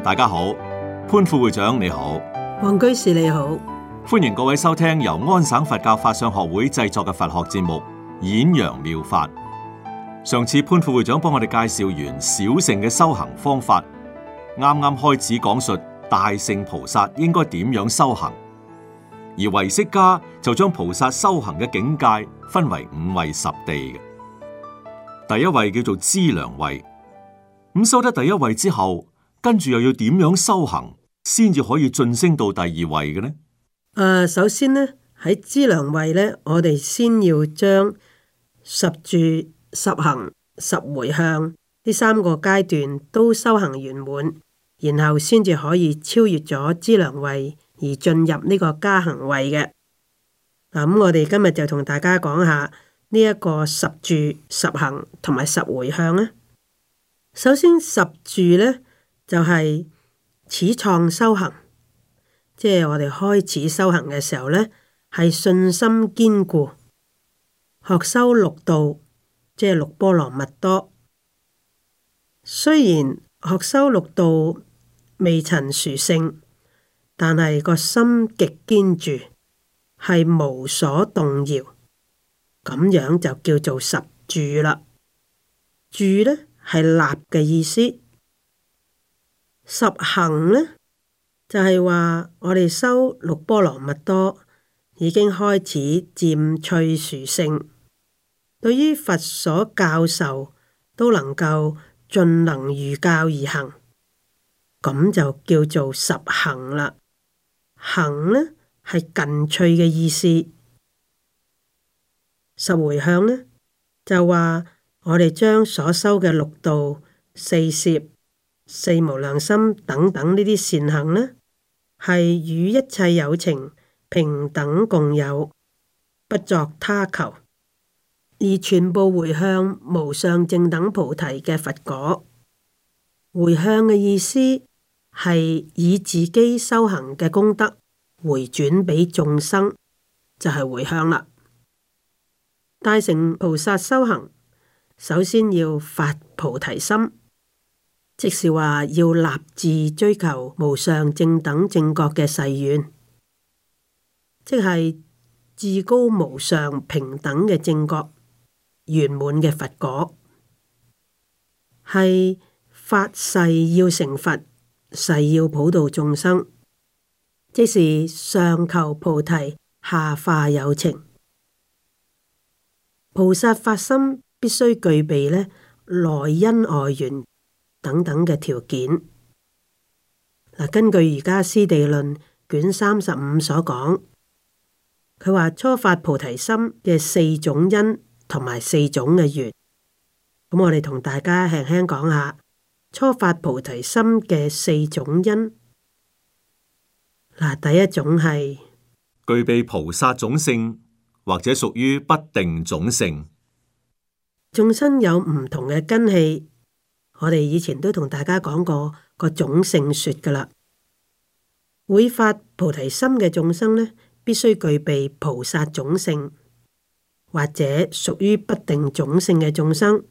大家好，潘副會長你好，王居士你好，歡迎各位收聽由安省佛教法相學會製作嘅佛學節目《演揚妙法》。上次潘副會長幫我哋介紹完小乘嘅修行方法，啱啱開始講述大乘菩薩應該點樣修行，而唯識家就將菩薩修行嘅境界分為五位十地嘅，第一位叫做資糧位，咁修得第一位之後。跟住又要點樣修行，先至可以晉升到第二位嘅呢？誒、呃，首先呢，喺資糧位呢，我哋先要將十住、十行、十回向呢三個階段都修行圓滿，然後先至可以超越咗資糧位而進入呢個加行位嘅。嗱、啊，咁、嗯、我哋今日就同大家講下呢一、這個十住、十行同埋十回向呢。首先，十住呢？就係始創修行，即係我哋開始修行嘅時候呢，係信心堅固，學修六度，即係六波羅蜜多。雖然學修六度未曾殊勝，但係個心極堅住，係無所動搖，咁樣就叫做十住啦。住呢係立嘅意思。十行呢，就係、是、話我哋修六波羅蜜多已經開始漸趣殊勝，對於佛所教授都能夠盡能如教而行，咁就叫做十行啦。行呢，係近趣嘅意思。十回向呢，就話我哋將所修嘅六度四攝、四無量心等等呢啲善行呢，係與一切有情平等共有，不作他求，而全部回向無上正等菩提嘅佛果。回向嘅意思係以自己修行嘅功德回轉畀眾生，就係、是、回向啦。大乘菩薩修行，首先要發菩提心。即是話要立志追求無上正等正覺嘅誓願，即係至高無上平等嘅正覺、圓滿嘅佛果，係發誓要成佛，誓要普度眾生，即是上求菩提，下化有情。菩薩發心必須具備呢內因外緣。等等嘅條件嗱、啊，根據《瑜伽師地論》卷三十五所講，佢話，初發菩提心嘅四種因同埋四種嘅緣，咁我哋同大家輕輕講下初發菩提心嘅四種因嗱、啊，第一種係具備菩薩種性或者屬於不定種性，眾生有唔同嘅根器。我哋以前都同大家講過個種性說噶啦，會發菩提心嘅眾生呢，必須具備菩薩種性或者屬於不定種性嘅眾生，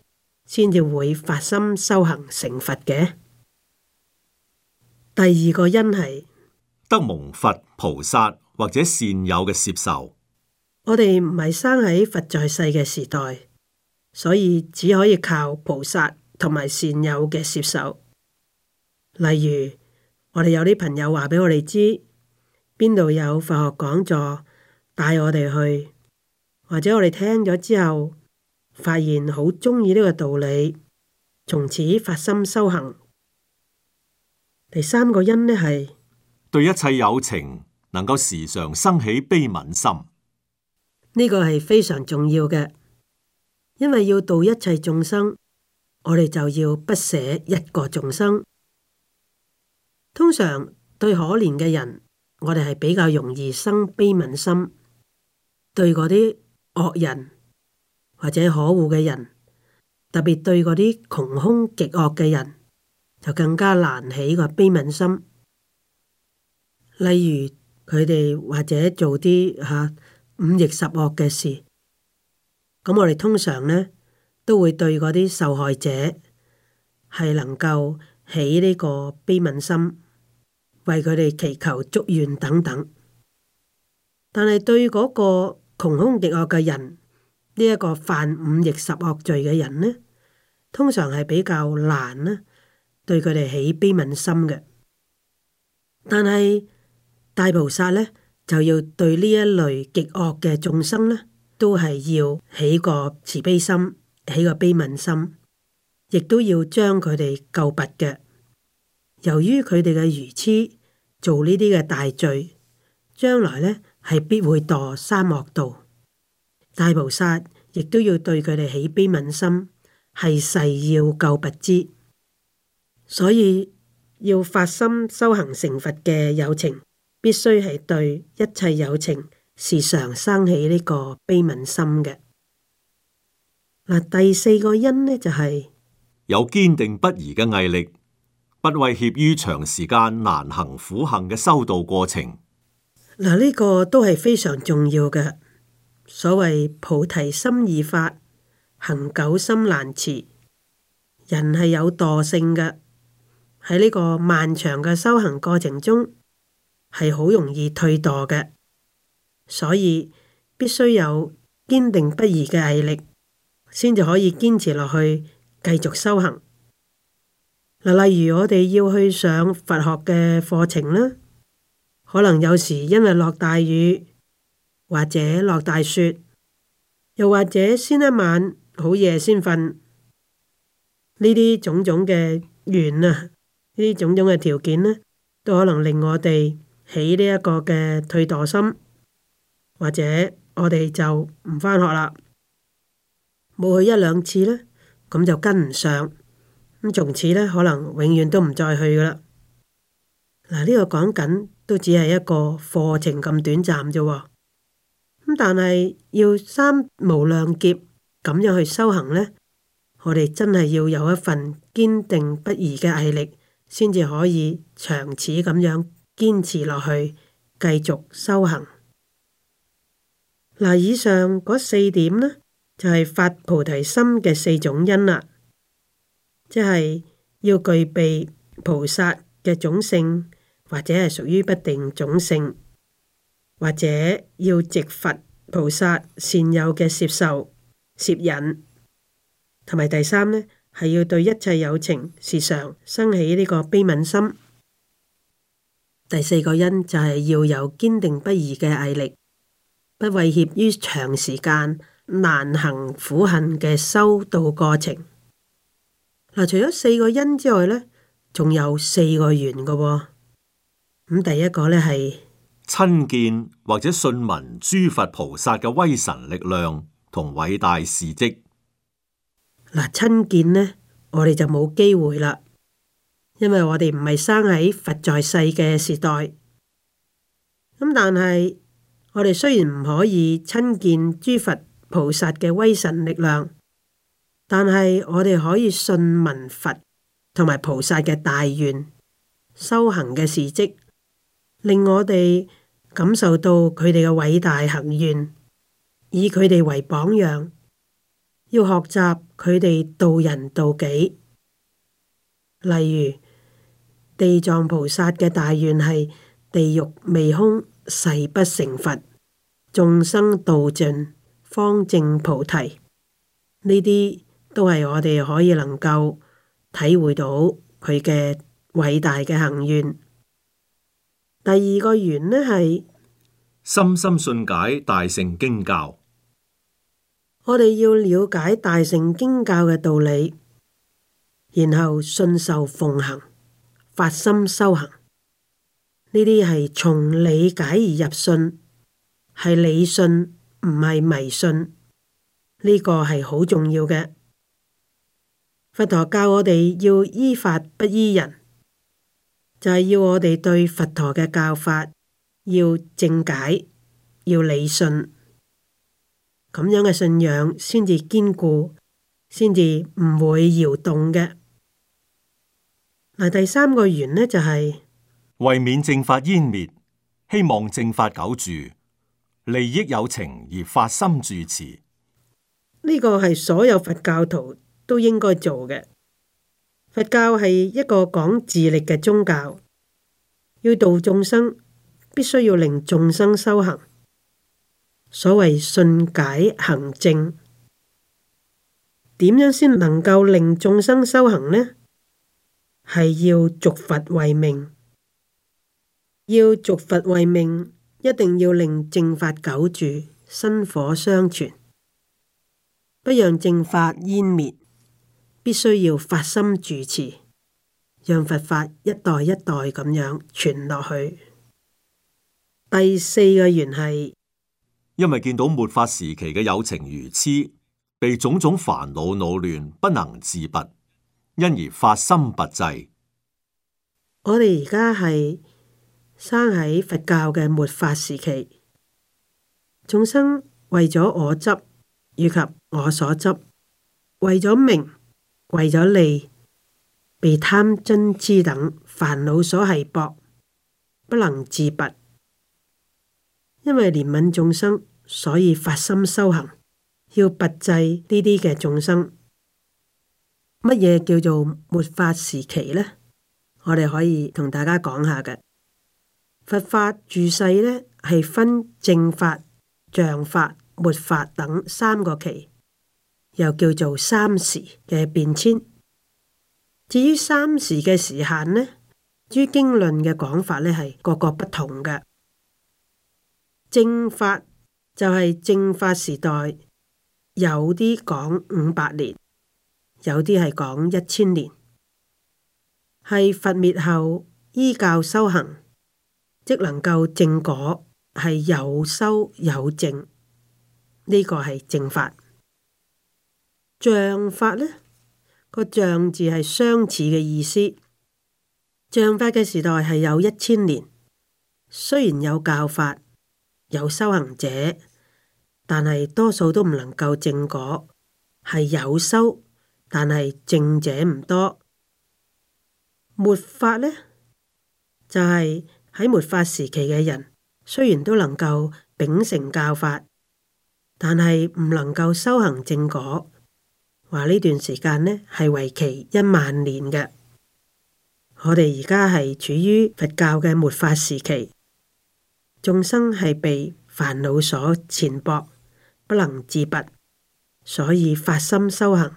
先至會發心修行成佛嘅。第二個因係得蒙佛菩薩或者善友嘅攝受。我哋唔係生喺佛在世嘅時代，所以只可以靠菩薩。同埋善友嘅攝受，例如我哋有啲朋友話俾我哋知邊度有佛學講座，帶我哋去，或者我哋聽咗之後發現好中意呢個道理，從此發心修行。第三個因呢係對一切有情能夠時常生起悲憫心，呢個係非常重要嘅，因為要度一切眾生。我哋就要不捨一個眾生。通常對可憐嘅人，我哋係比較容易生悲憫心；對嗰啲惡人或者可惡嘅人，特別對嗰啲窮兇極惡嘅人，就更加難起個悲憫心。例如佢哋或者做啲吓、啊、五逆十惡嘅事，咁我哋通常呢？都會對嗰啲受害者係能夠起呢個悲憫心，為佢哋祈求祝願等等。但係對嗰個窮兇極惡嘅人，呢一個犯五逆十惡罪嘅人呢，通常係比較難呢對佢哋起悲憫心嘅。但係大菩薩呢就要對呢一類極惡嘅眾生呢，都係要起個慈悲心。起個悲憫心，亦都要將佢哋救拔嘅。由於佢哋嘅愚痴，做呢啲嘅大罪，將來呢係必會墮三惡道。大菩薩亦都要對佢哋起悲憫心，係誓要救拔之。所以要發心修行成佛嘅有情，必須係對一切有情，時常生起呢個悲憫心嘅。第四個因呢，就是，就係有堅定不移嘅毅力，不畏怯於長時間難行苦行嘅修道過程。嗱，呢個都係非常重要嘅。所謂菩提心易發，行久心難持。人係有惰性嘅，喺呢個漫長嘅修行過程中係好容易退惰嘅，所以必須有堅定不移嘅毅力，先就可以堅持落去，繼續修行。嗱，例如我哋要去上佛學嘅課程啦，可能有時因為落大雨，或者落大雪，又或者先一晚好夜先瞓，呢啲種種嘅緣啊，呢啲種種嘅條件呢，都可能令我哋起呢一個嘅退墮心，或者我哋就唔返學啦。冇去一兩次咧，咁就跟唔上，咁從此咧，可能永遠都唔再去噶啦。嗱，呢個講緊都只係一個課程咁短暫啫喎，咁但係要三無量劫咁樣去修行咧，我哋真係要有一份堅定不移嘅毅力，先至可以長此咁樣堅持落去，繼續修行。嗱，以上嗰四點咧。就係發菩提心嘅四種因啦，即係要具備菩薩嘅種性，或者係屬於不定種性，或者要值佛菩薩善友嘅攝受、攝引，同埋第三呢，係要對一切有情時常生起呢個悲憫心。第四個因就係要有堅定不移嘅毅力，不畏怯於長時間。難行苦行嘅修道過程嗱、呃，除咗四個因之外呢，仲有四個緣噶喎。咁、嗯、第一個呢，係親見或者信聞諸佛菩薩嘅威神力量同偉大事跡。嗱、呃，親見咧，我哋就冇機會啦，因為我哋唔係生喺佛在世嘅時代。咁、嗯、但係我哋雖然唔可以親見諸佛。菩薩嘅威神力量，但係我哋可以信聞佛同埋菩薩嘅大願、修行嘅事迹，令我哋感受到佢哋嘅偉大行願，以佢哋為榜樣，要學習佢哋度人度己。例如地藏菩薩嘅大願係：地獄未空，誓不成佛；眾生度盡。方正菩提，呢啲都係我哋可以能夠體會到佢嘅偉大嘅行願。第二個願呢係深深信解大乘經教，我哋要了解大乘經教嘅道理，然後信受奉行，發心修行。呢啲係從理解而入信，係理信。唔係迷信，呢個係好重要嘅。佛陀教我哋要依法不依人，就係、是、要我哋對佛陀嘅教法要正解，要理信，咁樣嘅信仰先至堅固，先至唔會搖動嘅。嗱，第三個緣呢就係、是、為免正法湮滅，希望正法久住。利益有情而發心住持，呢個係所有佛教徒都應該做嘅。佛教係一個講自力嘅宗教，要度眾生，必須要令眾生修行。所謂信解行證，點樣先能夠令眾生修行呢？係要續佛為命，要續佛為命。一定要令正法久住，薪火相傳，不讓正法湮滅。必須要發心住持，讓佛法一代一代咁樣傳落去。第四個緣係，因為見到末法時期嘅有情愚痴，被種種煩惱攪亂，不能自拔，因而發心拔濟。我哋而家係。生喺佛教嘅末法時期，眾生為咗我執以及我所執，為咗名、為咗利，被貪嗔癡等煩惱所繫縛，不能自拔。因為憐憫眾生，所以發心修行，要拔濟呢啲嘅眾生。乜嘢叫做末法時期呢？我哋可以同大家講下嘅。佛法住世呢，係分正法、像法、末法等三個期，又叫做三時嘅變遷。至於三時嘅時限呢，諸經論嘅講法呢，係各各不同嘅。正法就係正法時代，有啲講五百年，有啲係講一千年，係佛滅後依教修行。即能夠正果係有修有正，呢、這個係正法。像法呢、那個像字係相似嘅意思。像法嘅時代係有一千年，雖然有教法有修行者，但係多數都唔能夠正果，係有修，但係正者唔多。末法呢，就係、是。喺末法時期嘅人，雖然都能夠秉承教法，但係唔能夠修行正果。話呢段時間呢，係為期一萬年嘅。我哋而家係處於佛教嘅末法時期，眾生係被煩惱所纏縛，不能自拔，所以發心修行，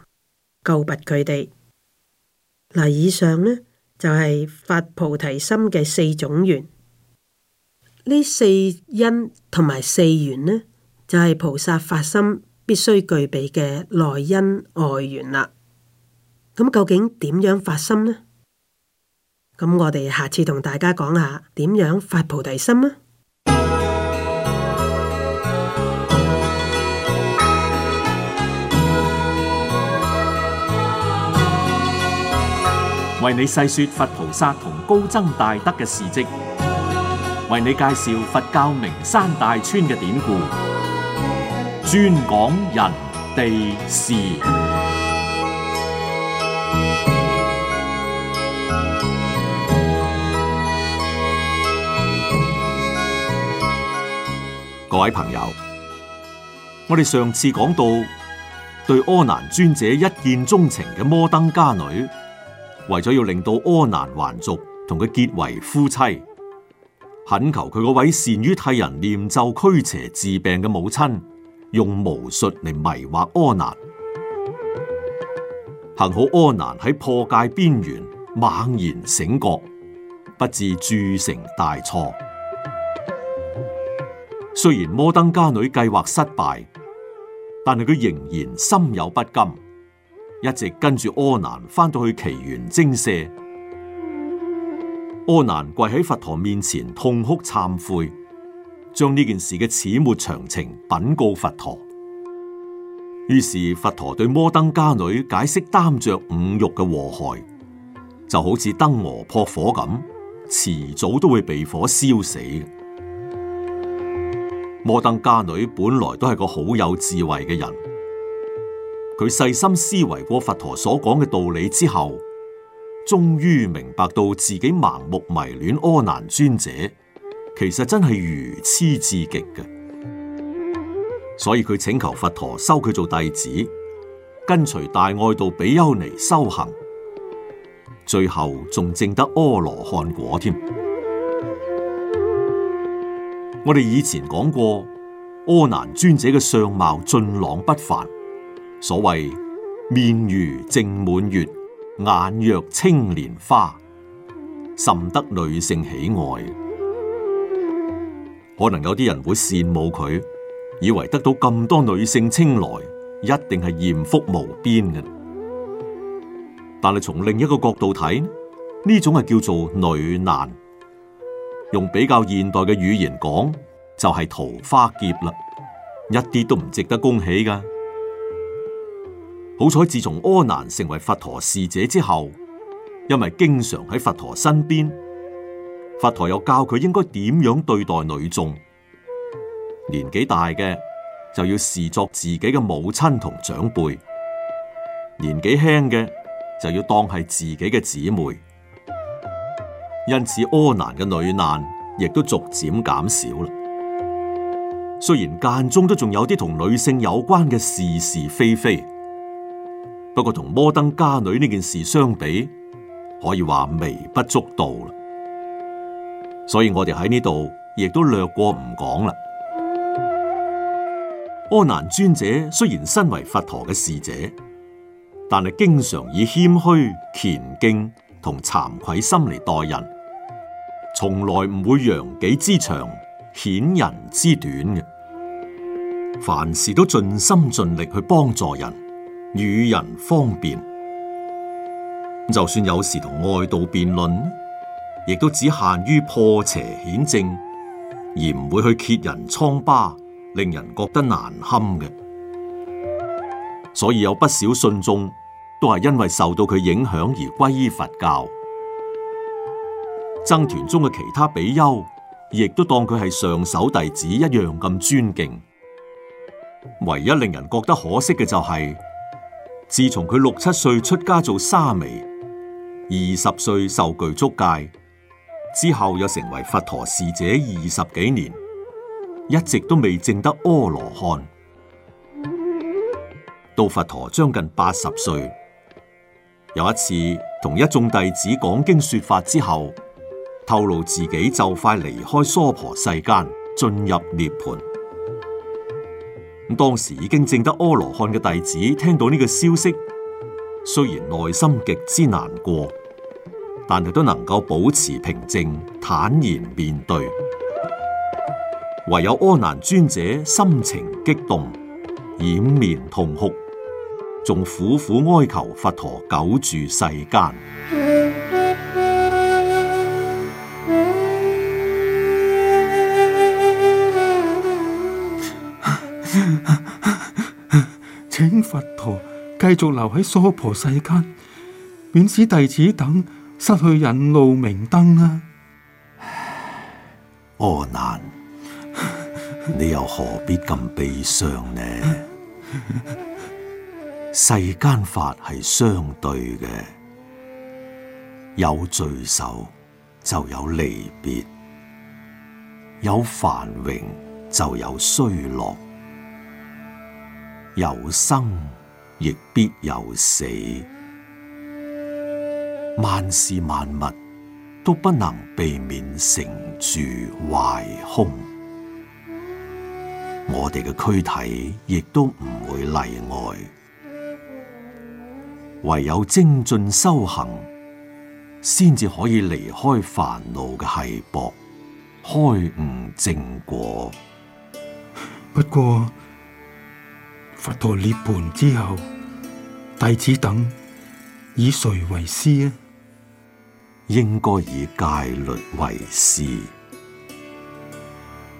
救拔佢哋。嗱，以上呢，就係發菩提心嘅四種緣，呢四因同埋四緣呢，就係、是、菩薩發心必須具備嘅內因外緣啦。咁、嗯、究竟點樣發心呢？咁、嗯、我哋下次同大家講下點樣發菩提心啊！為你細說佛菩薩同高僧大德嘅事跡，為你介紹佛教名山大川嘅典故，專講人地事。各位朋友，我哋上次講到對阿難尊者一見鍾情嘅摩登家女。為咗要令到阿難還俗同佢結為夫妻，懇求佢嗰位善於替人念咒驅邪治病嘅母親，用巫術嚟迷惑阿難。幸好阿難喺破戒邊緣猛然醒覺，不致鑄成大錯。雖然摩登伽女計劃失敗，但係佢仍然心有不甘。一直跟住阿難返到去祇園精舍，阿難跪喺佛陀面前痛哭懺悔，將呢件事嘅始末詳情禀告佛陀。於是佛陀對摩登伽女解釋擔着五欲嘅禍害，就好似燈蛾撲火咁，遲早都會被火燒死。摩登伽女本來都係個好有智慧嘅人。佢細心思維過佛陀所講嘅道理之後，終於明白到自己盲目迷戀阿難尊者，其實真係愚癡至極嘅。所以佢請求佛陀收佢做弟子，跟隨大愛道比丘尼修行，最後仲證得阿羅漢果添。我哋以前講過，阿難尊者嘅相貌俊朗不凡。所謂面如正滿月，眼若青蓮花，甚得女性喜愛。可能有啲人會羨慕佢，以為得到咁多女性青睞，一定係艷福無邊嘅。但係從另一個角度睇，呢種係叫做女難。用比較現代嘅語言講，就係桃花劫啦，一啲都唔值得恭喜噶。好彩，自從阿難成為佛陀侍者之後，因為經常喺佛陀身邊，佛陀又教佢應該點樣對待女眾，年紀大嘅就要視作自己嘅母親同長輩，年紀輕嘅就要當係自己嘅姊妹。因此，阿難嘅女難亦都逐漸減少啦。雖然間中都仲有啲同女性有關嘅是是非非。不過同摩登家女呢件事相比，可以話微不足道啦。所以我哋喺呢度亦都略過唔講啦。阿難尊者雖然身為佛陀嘅侍者，但係經常以謙虛、虔敬同慚愧心嚟待人，從來唔會揚己之長、顯人之短嘅。凡事都盡心盡力去幫助人。與人方便，就算有時同外道辯論，亦都只限於破邪顯正，而唔會去揭人瘡疤，令人覺得難堪嘅。所以有不少信眾都係因為受到佢影響而歸依佛教。僧團中嘅其他比丘，亦都當佢係上首弟子一樣咁尊敬。唯一令人覺得可惜嘅就係、是。自從佢六七歲出家做沙彌，二十歲受具足戒，之後，又成為佛陀侍者二十幾年，一直都未證得阿羅漢。到佛陀將近八十歲，有一次同一眾弟子講經說法之後，透露自己就快離開娑婆世間，進入涅槃。當時已經證得阿羅漢嘅弟子聽到呢個消息，雖然內心極之難過，但係都能夠保持平靜，坦然面對。唯有阿難尊者心情激動，掩面痛哭，仲苦苦哀求佛陀久住世間。不妥，繼續留喺娑婆世間，免使弟子等失去引路明燈啊！阿 難，你又何必咁悲傷呢？世間法係相對嘅，有罪首就有離別，有繁榮就有衰落。有生亦必有死，萬事萬物都不能避免成住壞空，我哋嘅軀體亦都唔會例外，唯有精進修行，先至可以離開煩惱嘅繫縛，開悟證果。不過。佛陀涅盤之後，弟子等以誰為師啊？應該以戒律為師，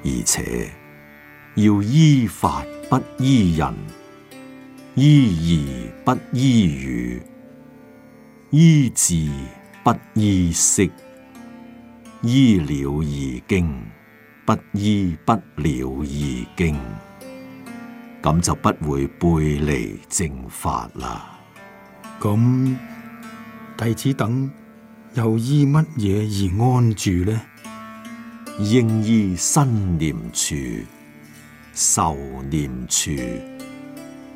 而且要依法不依人，依義不依語，依智不依識，依了義經不依不了義經。咁就不會背離正法啦。咁弟子等又依乜嘢而安住呢？應依身念處、受念處、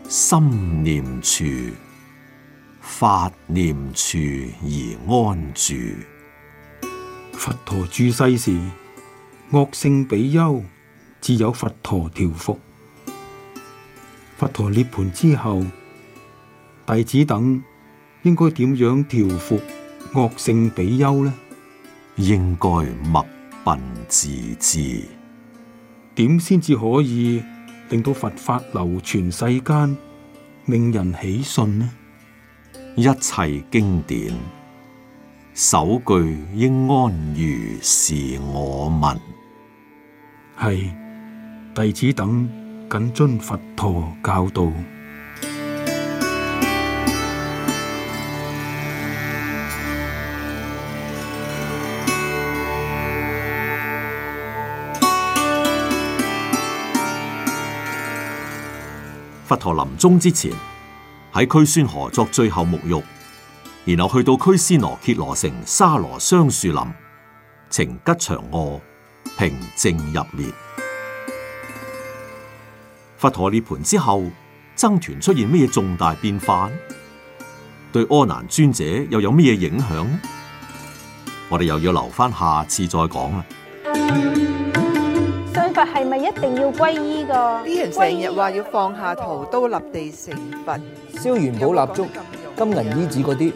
心念處、法念處而安住。佛陀住世時，惡性比丘，自有佛陀調伏。佛陀涅槃之後，弟子等應該點樣調伏惡性比丘呢？應該默擯自知，點先至可以令到佛法流傳世間，令人喜信呢？一切經典首句應安如是，是，我聞係弟子等。謹遵佛陀教導。佛陀臨終之前，喺拘孫河作最後沐浴，然後去到拘尸那揭羅城沙羅雙樹林，情吉祥臥，平靜入滅。佛陀涅盤之後，僧團出現咩重大變化？對阿難尊者又有咩影響呢？我哋又要留翻下，下次再講啦。信佛係咪一定要皈依噶？啲人成日話要放下屠刀立地成佛，燒元寶蠟燭、金銀衣紙嗰啲，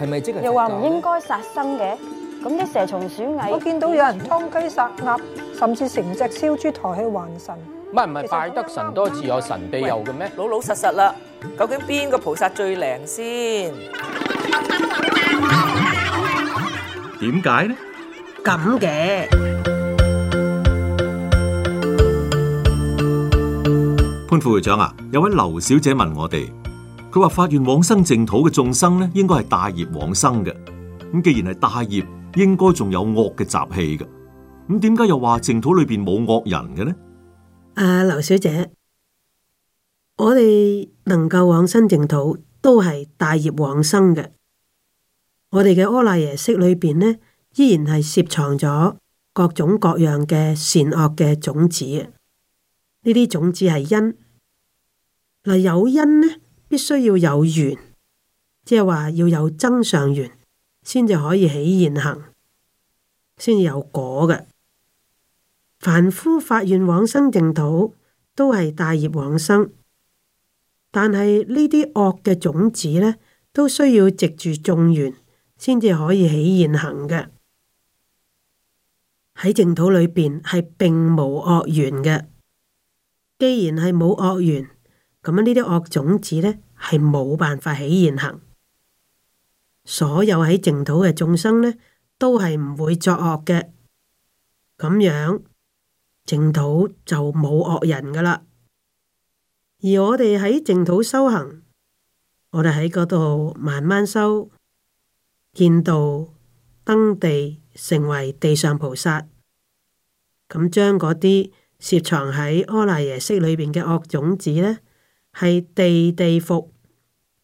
係咪的即係？又話唔應該殺生嘅，咁啲蛇蟲鼠蟻，我見到有人湯雞殺鴨，甚至成隻燒豬抬去還神。唔係唔係，拜得神多自有神庇佑嘅咩？老老實實啦，究竟邊個菩薩最靈先？點解呢？咁嘅潘副會長啊，有位劉小姐問我哋，佢話發願往生淨土嘅眾生咧，應該係帶業往生嘅。咁既然係帶業，應該仲有惡嘅習氣嘅。咁點解又話淨土裏邊冇惡人嘅呢？啊劉、uh，小姐，我哋能夠往生淨土，都係帶業往生嘅。我哋嘅阿賴耶識裏邊呢，依然係攝藏咗各種各樣嘅善惡嘅種子。呢啲種子係因，嗱，有因咧，必須要有緣，即係話要有增上緣，先至可以起現行，先至有果嘅。凡夫發願往生淨土，都係帶業往生，但係呢啲惡嘅種子咧，都需要藉住種緣，先至可以起現行嘅。喺淨土裏邊係並冇惡緣嘅，既然係冇惡緣，咁呢啲惡種子咧係冇辦法起現行。所有喺淨土嘅眾生咧，都係唔會作惡嘅，咁樣。淨土就冇惡人噶啦，而我哋喺淨土修行，我哋喺嗰度慢慢修見道登地，成為地上菩薩，咁將嗰啲攝藏喺阿賴耶識裏邊嘅惡種子呢，係地地伏、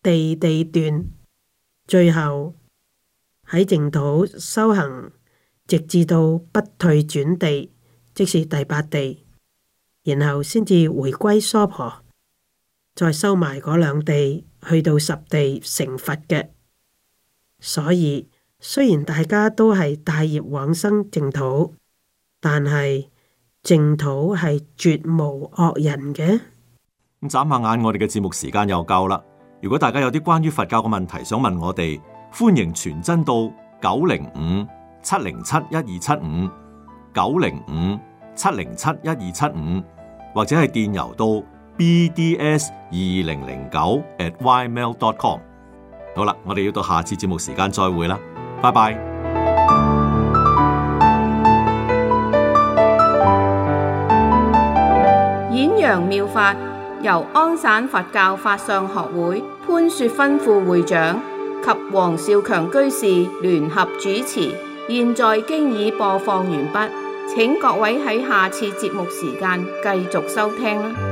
地地斷，最後喺淨土修行，直至到不退轉地。即是第八地，然後先至回歸娑婆，再收埋嗰兩地去到十地成佛嘅。所以雖然大家都係帶業往生淨土，但係淨土係絕無惡人嘅。眨下眼，我哋嘅節目時間又夠啦。如果大家有啲關於佛教嘅問題想問我哋，歡迎傳真到九零五七零七一二七五九零五。七零七一二七五，或者係電郵到 bds 二零零九 @ymail.com。好啦，我哋要到下次節目時間再會啦，拜拜。演揚妙法由安省佛教法相學會潘雪芬副會長及黃少強居士聯合主持，現在經已播放完畢。請各位喺下次節目時間繼續收聽。